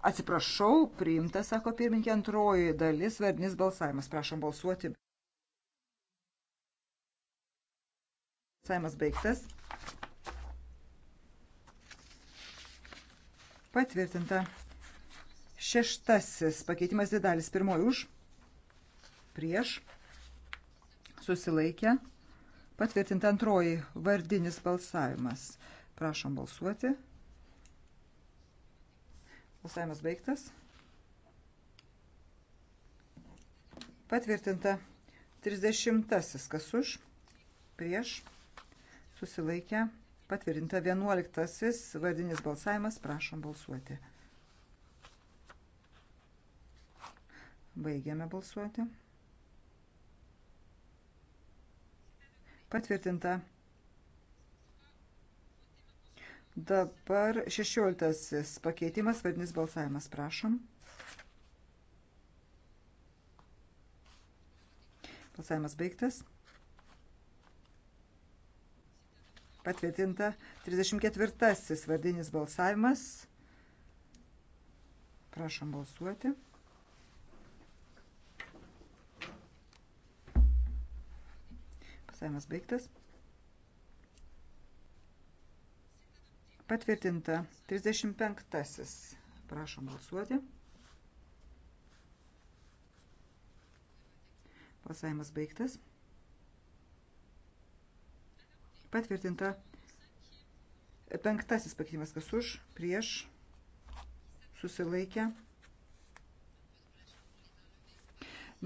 Atsiprašau, priimta, sako pirmininkė, antroji dalis, vardinis balsavimas. Prašom balsuoti. Balsavimas baigtas. Patvirtinta. Šeštasis pakeitimas didelis. Pirmoji už. Prieš. Susilaikė. Patvirtinta antroji vardinis balsavimas. Prašom balsuoti. Balsavimas baigtas. Patvirtinta. Trisdešimtasis kas už. Prieš. Susilaikė. Susilaikė Patvirtinta 11. Vardinis balsavimas. Prašom balsuoti. Baigiame balsuoti. Patvirtinta. Dabar 16. Pakeitimas. Vardinis balsavimas. Prašom. Balsavimas baigtas. Patvirtinta 34 vardinis balsavimas. Prašom balsuoti. Balsavimas baigtas. Patvirtinta 35. Prašom balsuoti. Balsavimas baigtas. Patvirtinta. Penktasis pakeitimas kas už, prieš, susilaikę.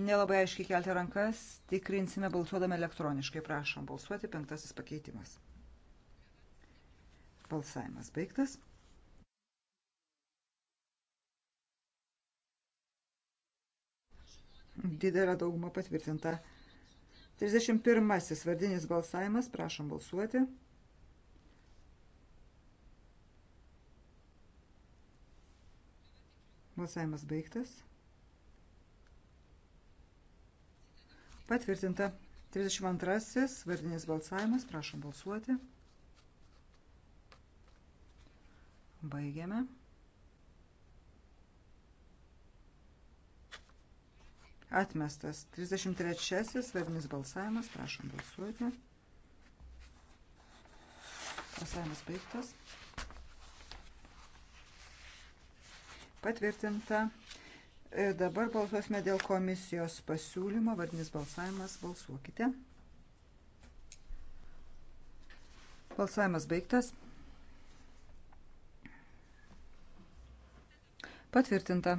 Nelabai aiškiai kelti rankas, tikrinsime balsuodami elektroniškai. Prašom balsuoti, penktasis pakeitimas. Balsavimas baigtas. Didelė dauguma patvirtinta. 31. Vardinis balsavimas. Prašom balsuoti. Balsavimas baigtas. Patvirtinta. 32. Vardinis balsavimas. Prašom balsuoti. Baigiame. Atmestas. 33-asis vardinis balsavimas. Prašom balsuoti. Balsavimas baigtas. Patvirtinta. Ir e, dabar balsuosime dėl komisijos pasiūlymo. Vardinis balsavimas. Balsuokite. Balsavimas baigtas. Patvirtinta.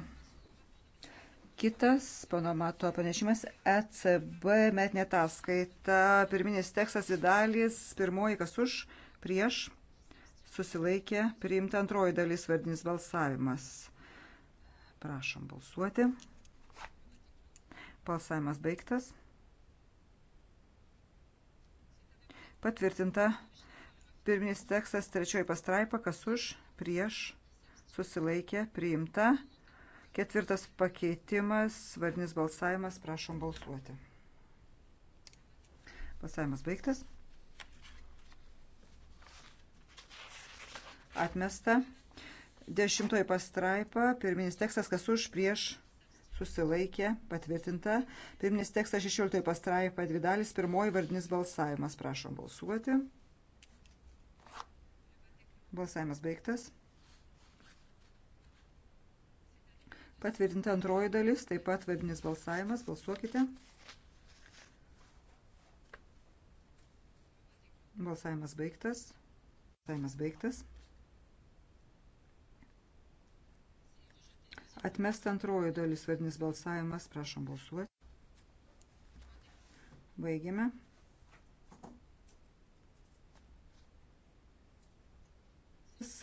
Kitas pono Mato pranešimas ECB metinė ataskaita. Pirminis tekstas įdalis, pirmoji kas už, prieš, susilaikė, priimta antroji dalis vardinis balsavimas. Prašom balsuoti. Balsavimas baigtas. Patvirtinta pirminis tekstas trečioji pastraipa, kas už, prieš, susilaikė, priimta. Ketvirtas pakeitimas, vardinis balsavimas, prašom balsuoti. Balsavimas baigtas. Atmesta. Dešimtoji pastraipa, pirminis tekstas, kas už, prieš, susilaikė, patvirtinta. Pirminis tekstas, šešioltoji pastraipa, dvi dalis, pirmoji vardinis balsavimas, prašom balsuoti. Balsavimas baigtas. Patvirtinta antroji dalis, taip pat vardinis balsavimas. Balsuokite. Balsavimas baigtas. Balsavimas baigtas. Atmesta antroji dalis vardinis balsavimas. Prašom balsuoti. Baigiame.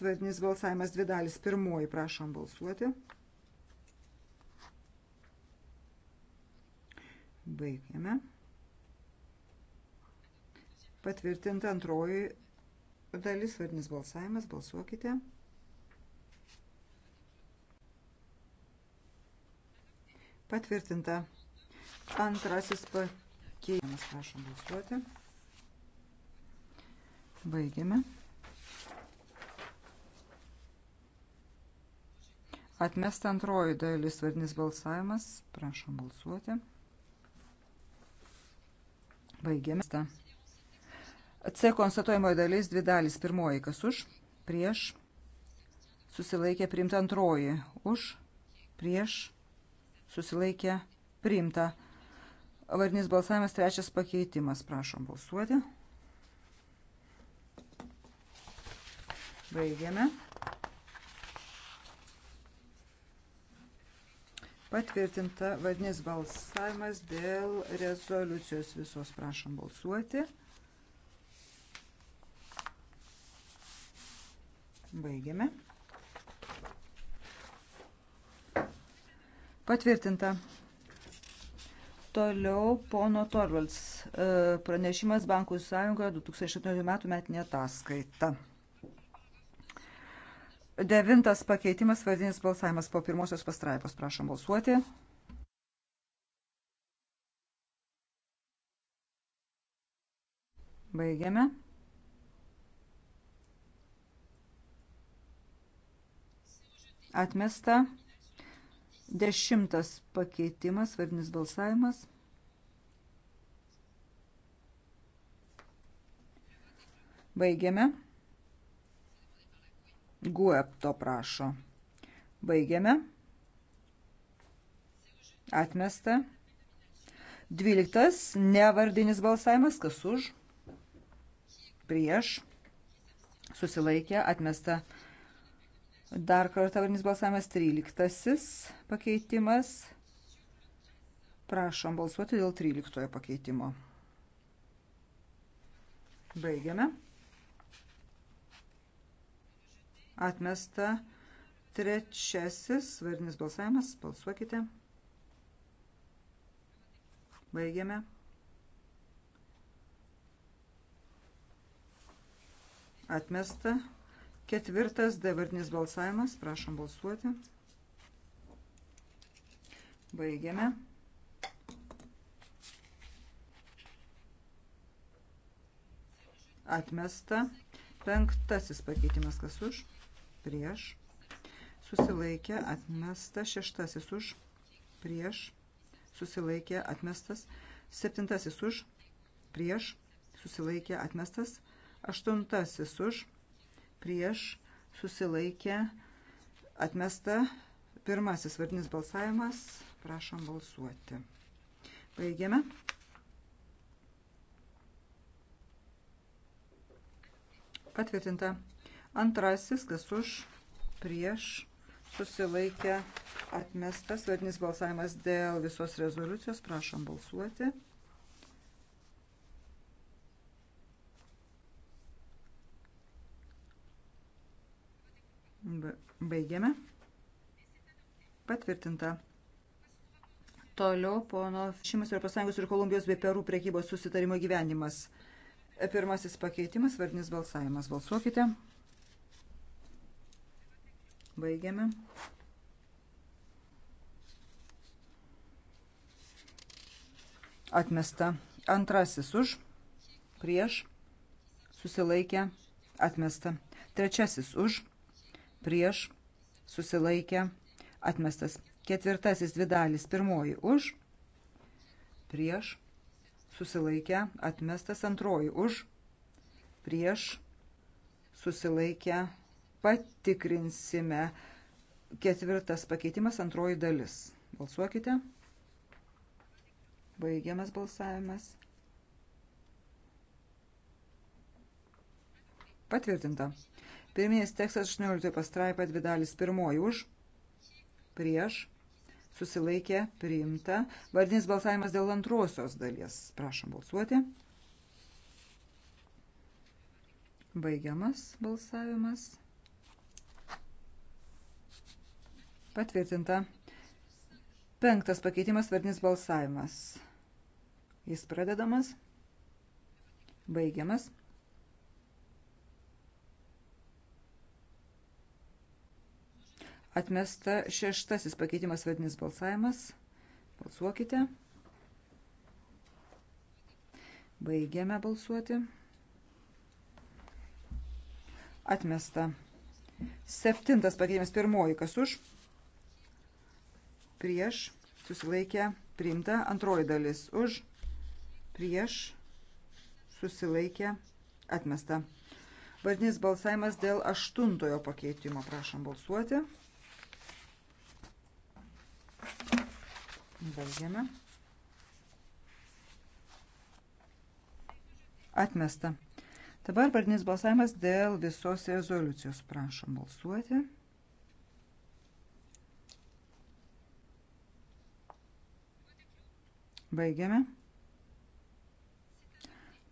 Vardinis balsavimas dvi dalis. Pirmoji prašom balsuoti. Balsuoti. Baigiame. Patvirtinta antroji dalis, vardinis balsavimas, balsuokite. Patvirtinta antrasis pakeitimas, prašom balsuoti. Baigiame. Atmesta antroji dalis, vardinis balsavimas, prašom balsuoti. Baigėme. C konstatuojamoji dalis dvi dalis. Pirmoji, kas už, prieš, susilaikė priimta antroji, už, prieš, susilaikė priimta. Vardinis balsavimas trečias pakeitimas. Prašom balsuoti. Baigėme. Patvirtinta vadinis balsavimas dėl rezoliucijos visos. Prašom balsuoti. Baigiame. Patvirtinta. Toliau pono Torvalds e, pranešimas Bankų sąjungoje 2018 metų metinė ataskaita. Devintas pakeitimas, vardinis balsavimas po pirmosios pastraipos. Prašom balsuoti. Baigiame. Atmesta. Dešimtas pakeitimas, vardinis balsavimas. Baigiame. Guep to prašo. Baigiame. Atmesta. Dvyliktas nevardinis balsavimas. Kas už? Prieš. Susilaikė. Atmesta. Dar kartą vardinis balsavimas. Tryliktasis pakeitimas. Prašom balsuoti dėl tryliktojo pakeitimo. Baigiame. Atmesta. Trečiasis vardinis balsavimas. Balsuokite. Baigiame. Atmesta. Ketvirtas D vardinis balsavimas. Prašom balsuoti. Baigiame. Atmesta. Penktasis pakeitimas kas už prieš, susilaikė atmestas, šeštasis už, prieš, susilaikė atmestas, septintasis už, prieš, susilaikė atmestas, aštuntasis už, prieš, susilaikė atmesta, pirmasis vardinis balsavimas, prašom balsuoti. Baigiame. Patvirtinta. Antrasis, kas už, prieš, susilaikė atmestas. Vardinis balsavimas dėl visos rezoliucijos. Prašom balsuoti. Baigiame. Patvirtinta. Toliau pono Šimas Europos Sąjungos ir Kolumbijos bei Perų priekybos susitarimo gyvenimas. Pirmasis pakeitimas, vardinis balsavimas. Balsuokite. Baigiame. Atmesta. Antrasis už. Prieš. Susilaikę. Atmesta. Trečiasis už. Prieš. Susilaikę. Atmestas. Ketvirtasis dvi dalis. Pirmoji už. Prieš. Susilaikę. Atmestas. Antroji už. Prieš. Susilaikę patikrinsime. Ketvirtas pakeitimas, antroji dalis. Balsuokite. Baigiamas balsavimas. Patvirtinta. Pirminis tekstas 18 pastraipa 2 dalis 1 už, prieš, susilaikė, priimta. Vardinis balsavimas dėl antrosios dalies. Prašom balsuoti. Baigiamas balsavimas. Patvirtinta. Penktas pakeitimas vardinis balsavimas. Jis pradedamas. Baigiamas. Atmesta šeštasis pakeitimas vadinis balsavimas. Balsuokite. Baigiame balsuoti. Atmesta. Septintas pakeitimas pirmoji, kas už, prieš, susilaikę, priimta. Antroji dalis už, prieš, susilaikę, atmesta. Vardinis balsavimas dėl aštuntojo pakeitimo. Prašom balsuoti. Baigiame. Atmesta. Dabar vardinis balsavimas dėl visos rezoliucijos. Prašom balsuoti. Balsuoti. Baigiame.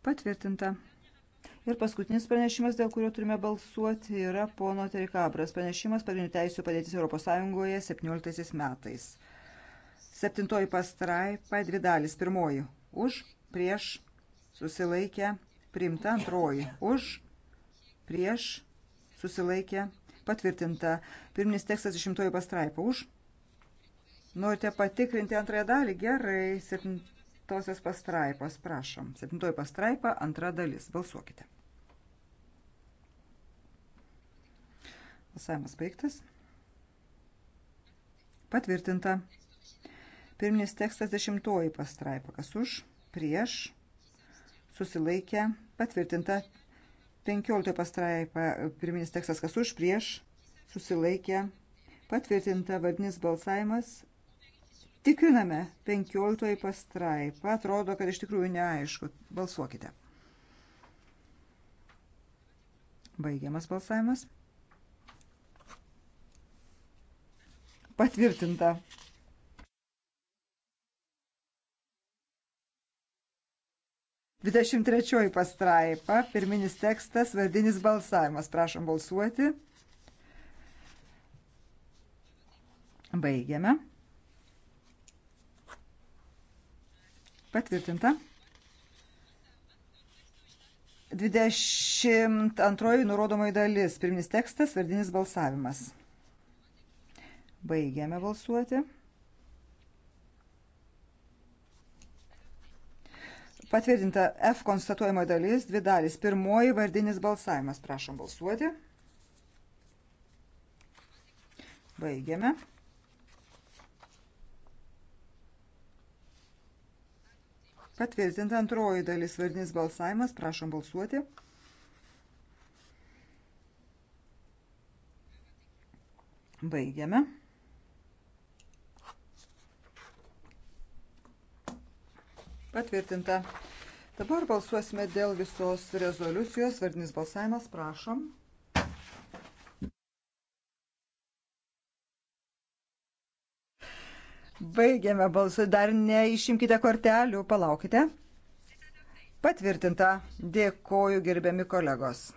Patvirtinta. Ir paskutinis pranešimas, dėl kurio turime balsuoti, yra pono Terikabras. Pranešimas pagrindinių teisų padėtis ES 17 metais. Septintoji pastraipa, dvi dalis. Pirmoji – už, prieš, susilaikę, priimta. Antroji – už, prieš, susilaikę, patvirtinta. Pirminis tekstas 10 pastraipa – už, Norite patikrinti antrąją dalį? Gerai, septintosios pastraipos, prašom. Septintoji pastraipa, antra dalis. Balsuokite. Balsavimas baigtas. Patvirtinta. Pirminis tekstas dešimtoji pastraipa. Kas už? Prieš. Susilaikę. Patvirtinta. Penkioliktoji pastraipa. Pirminis tekstas kas už? Prieš. Susilaikę. Patvirtinta vardinis balsavimas Tikriname 15 pastraipą. Atrodo, kad iš tikrųjų neaišku. Balsuokite. Baigiamas balsavimas. Patvirtinta. Dvidešimt trečioji pastraipa, pirminis tekstas, vardinis balsavimas. Prašom balsuoti. Baigiame. Patvirtinta. 22 nurodomoji dalis. Pirminis tekstas, vardinis balsavimas. Baigiame balsuoti. Patvirtinta F konstatuojama dalis, dvi dalis. Pirmoji vardinis balsavimas. Prašom balsuoti. Baigiame. Patvirtinta antroji dalis vardinis balsavimas. Prašom balsuoti. Baigiame. Patvirtinta. Dabar balsuosime dėl visos rezoliucijos. Vardinis balsavimas. Prašom. Prašom. Baigiame balsą. Dar neišimkite kortelių. Palaukite. Patvirtinta. Dėkoju, gerbiami kolegos.